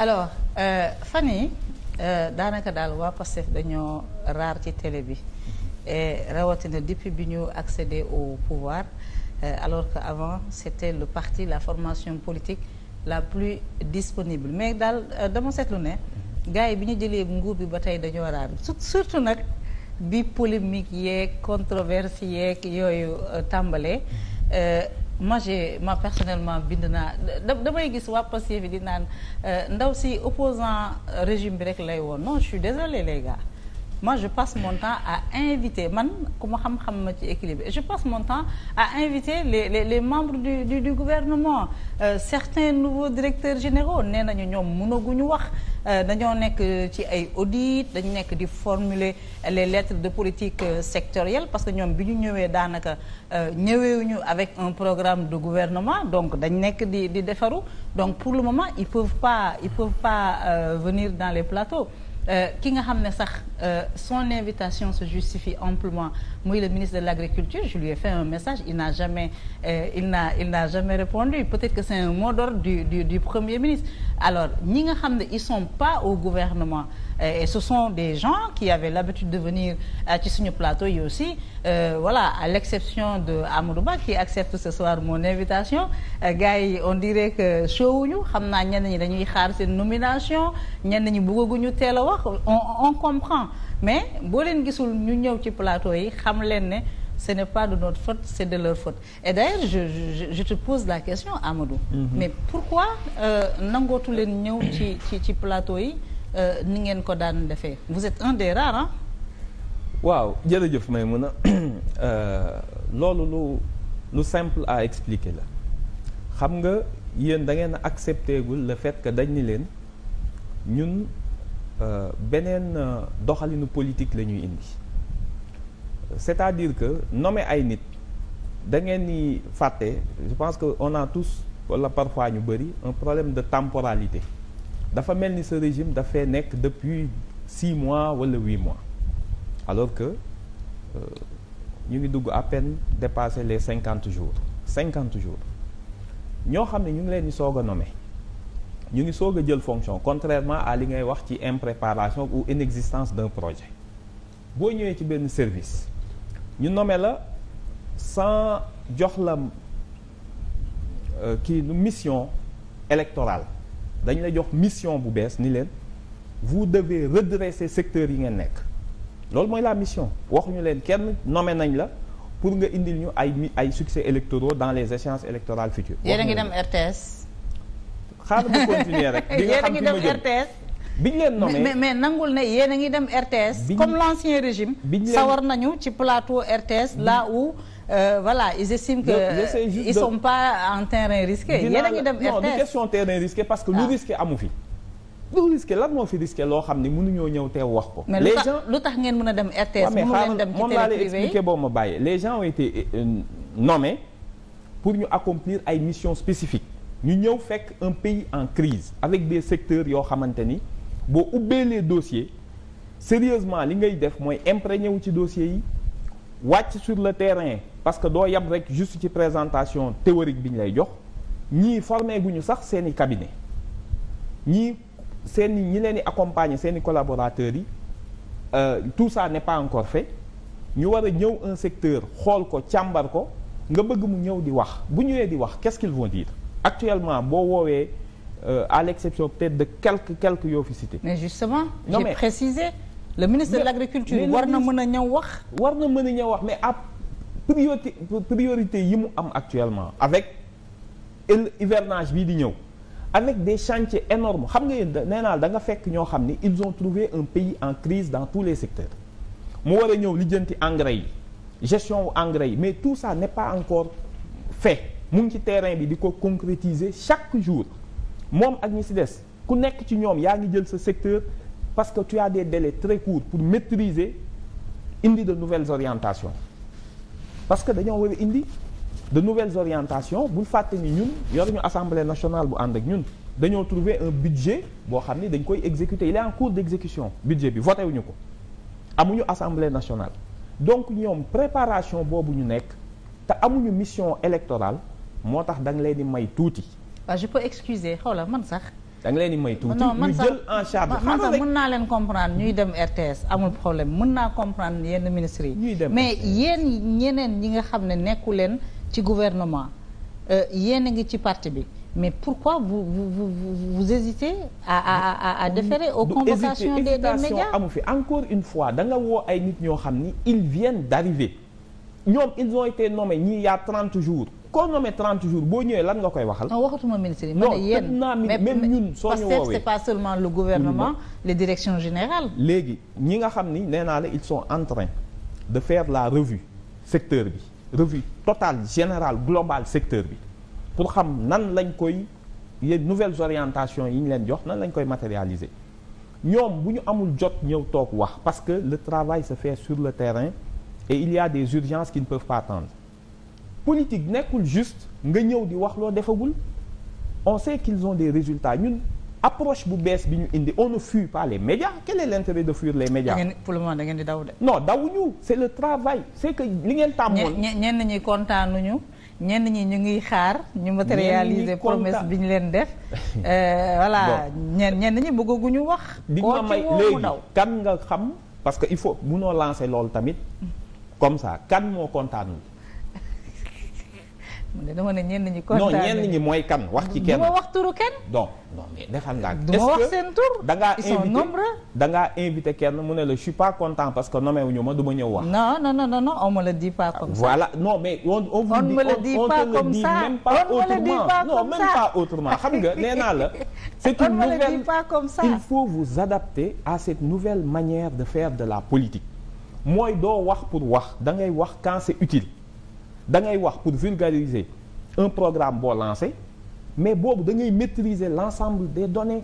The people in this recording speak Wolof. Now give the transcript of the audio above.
alors euh, fan yi euh, daanaka daal waa Pastef dañoo raar ci télé bi et rawatina depuis bi ñu accédé au pouvoir euh, alors que avant c'était le parti la formation politique la plus disponible mais daal dama seetlu ne gars yi bi ñu jëlee nguur bi ba tey dañoo raar surtout nag bi polémique yeeg controverse yeeg yooyu tàmbalee moi ma moi personnellement bind naa damay gis waa Pastef yi di naan euh, ndaw si opposant régime bi rek lay woon non je suis désolé les gars moi je passe mon temps à inviter man ku ma xam-xam ma ci équilibre je passe mon temps à invité les les, les membres du, du du gouvernement euh, certains nouveaux directeurs généraux nee nañu ñoom ñu wax euh, dañoo nekk ci ay audit dañu nekk di formuler les lettres de politique euh, sectorielle parce que ñoom bi ñu ñëwee daanaka euh, ñëweewuñu avec un programme de gouvernement donc dañ nekk di di defaru donc pour le moment il peuvent pas ils peuvent pas venir dans les plateaux Euh, ki nga xam ne sax euh, son invitation se justifie amplement muy le ministre de l'agriculture je lui ai fait un message il n'a jamais euh, n'a il n'a jamais répondu peut-être que c'est un mot du du du premier ministre alors ñi nga xam ne ils sont pas au gouvernement et ce sont des gens qui avaient l'habitude de venir euh, ci suñu plateau yi aussi euh, voilà à l'exception de Amadou Ba qui accepte ce soir mon invitation euh, gars yi on dirait que showuñu xam naa ñenn ñi dañuy xaar seen nomination ñenn ñi bëgguñu teel a wax on on comprend mais boo leen gisul ñu ñëw ci plateau yi xam leen ne ce n'est pas de notre faute c'est de leur faute et d'ailleurs je je je te pose la question Amadou. Mm -hmm. mais pourquoi nangootu leen ñëw ci ci yi. Euh, ni ngeen ko daan defee vous êtes un des rares ah. waaw jërëjëf may mun a loolu lu lu simple à expliquer la xam nga yéen da ngeen a accepté gul dañ ni leen ñun euh, beneen euh, doxalinu politique la ñuy indi c'est-à-dire que nome ay nit da ngeen ni fàtte je pense que on tous wala parfois ñu bëri un problème de temporalité. dafa mel ni sa régime dafay nekk depuis six mois walla huit mois alors que euh, ñu ngi dugg à peine les cinquante jours cinquante jours ñoo xam ne ñu ngi leen di soog a nommé ñu ngi soog a jël fonction contrairement à li ngay wax ci impréparation ou inexistence d'un projet boo ñëwee ci benn service ñu nome la sans jox la euh, kii mission électorale dañ la jox mission bu bees ni leen vous devez redresser secteur yi ngeen nekk loolu mooy la mission waxuñu leen kenn nommé nañ la pour nga indil ñu ay mi ay succès électoraux dans les échéances électorales futures. yéen a ngi dem RTS. xaaral ma continuer rek. di biñ leen nommé mais mais nangul ne yéen a ngi dem RTS. comme l'ancien régime. biñ leen sawar nañu ci plateau RTS là où. Euh, voilà ils estiment que ils de... sont pas en terrain risqué. yéen a ngi dem RTS non du question terrain risqué parce que lu ah. risqué amu fi. lu risqué lan moo fi risqué loo xam ni ne ñoo ñëw teew wax ko. les lu tax ngeen mën a dem RTS. mënu leen dem ci télé yi moom laa lay expliqué boo ma bàyyee les gens ont été euh, nommés pour ñu accomplir ay missions spécifique ñu ñëw fekk un pays en crise avec des secteurs yoo xamante ni boo ubbee les dossiers sérieusement li ngay def mooy imprégné wu ci dossiers wàcc sur le terrain. parce que doo yem rek juste ci présentation théorique bi ñu lay jox ñii formé guñu sax seen i cabinet ñii seen i ñi leen di accompagner seeni i collaborateurs yi euh, tout ça n'est pas encore fait ñu war a ñëw un secteur xool ko càmbar ko nga bëgg mu ñëw di wax bu ñëwee di wax qu'est-ce qu'ils vont boo woowee euh, à l'exception peut de quelques quelques yoo fi cité. mais justement j'ai précisé le ministre de l'agriculture war na mën a ñëw wax. war na mën a ñëw wax mais à priorité priorité yi mu am actuellement avec hivernage bii di ñëw avec des chantiers énormes xam nga yéen nee naa da nga fekk ñoo xam ni ils ont trouvé un pays en crise dans tous les secteurs mu war a ñëw lijjanti engrais yi gestion wu engrais yi mais tout ça ne pas encore fait mu ngi ci terrain bi di ko concrétiser chaque jour moom ak ñi si des ku nekk ci ñoom yaa ngi jël sa secteur parce que tu as des délais très courts pour maîtriser indi de nouvelles orientations parce que dañoo war a indi de nouvelles orientations bul fàtte ni ñun yoruñu assemblée nationale bu ànd ak ñun dañoo trouver un budget boo xam ni dañ koy exécuter il est en cours d'exécution budget bi voté wuñu ko amuñu assemblée nationale donc ñoom préparation boobu ñu nekk te amuñu mission électorale moo tax da leen di may tuuti. waaw je peux excuser xaw la man sax. da nga leen di may tuuti ñu jël en charge. man sax mën naa leen comprendre ñuy dem RTS amul problème mën naa comprendre yenn ministres yi. ñuy dem mais yéen ñeneen ñi nga xam ne nekku leen ci gouvernement euh, yéen a ngi ci parti bi mais pourquoi vous vous vous vous hésitez à à à à déférer aux convocations des des médias amu fi encore une fois danga woo ay nit ñoo xam ni ils viennent d'arriver ñoom ils ont été nommés ñii y a jours. koo nommé 30 jours boo ñëwee lan nga koy waxal. non waxatuma ministre yi. non naa même ñun soo ñu woowee c'est pas seulement le gouvernement mm-hmm. les directions léegi ñi nga xam ni nee naa la ils sont en de faire la revue secteur bi revue total général globale secteur bi pour xam nan lañ koy yéen nouvelles orientations yi ñu leen jox nan lañ koy matérialiser. ñoom bu ñu amul jot ñëw toog wax parce que le travail se fait sur le terrain et il y des urgences qui ne peuvent pas attendre. politique nekkul juste nga ñëw di wax loo defagul on se qu'ils ont des résultats ñun approche bu bees bi ñu indi on ne fuit pas les médias quel lentere de fuir les médias. pour le moment da ngeen di daw de. non dawuñu c'est le travail c'est que li ngeen tàmmoon. ñenn ñi kontaanuñu ñenn ñi ñu ngi xaar. ñu matérialiser promesse bi ñu leen def. Euh, voilà ñenn ñenn ñi ñu wax. di nga may léegi kan nga xam. parce que il faut munoo lancer loolu tamit. comme ça kan moo man de dama ne ñenn ñi kontaan non ñenn ñi mooy kan wax ci kenn. du ma wax turu kenn. non non mais defal nga. du wax seen tur da ngaa invité da kenn mu ne la suis pas content parce que no wuñu ma du ma ñëw wax. non non non non on me le dit pas comme ça. voilà mais on on pas comme ça on me le dit pas comme ça pas autrement xam nga nee naa la. c'est une nouvelle il faut vous adapter à cette nouvelle manière de faire de la politique. mooy doo wax pour wax da ngay wax quand c'est utile. da ngay wax pour vulgariser un programme boo lancé mais boobu da ngay maîtriser l'ensemble des données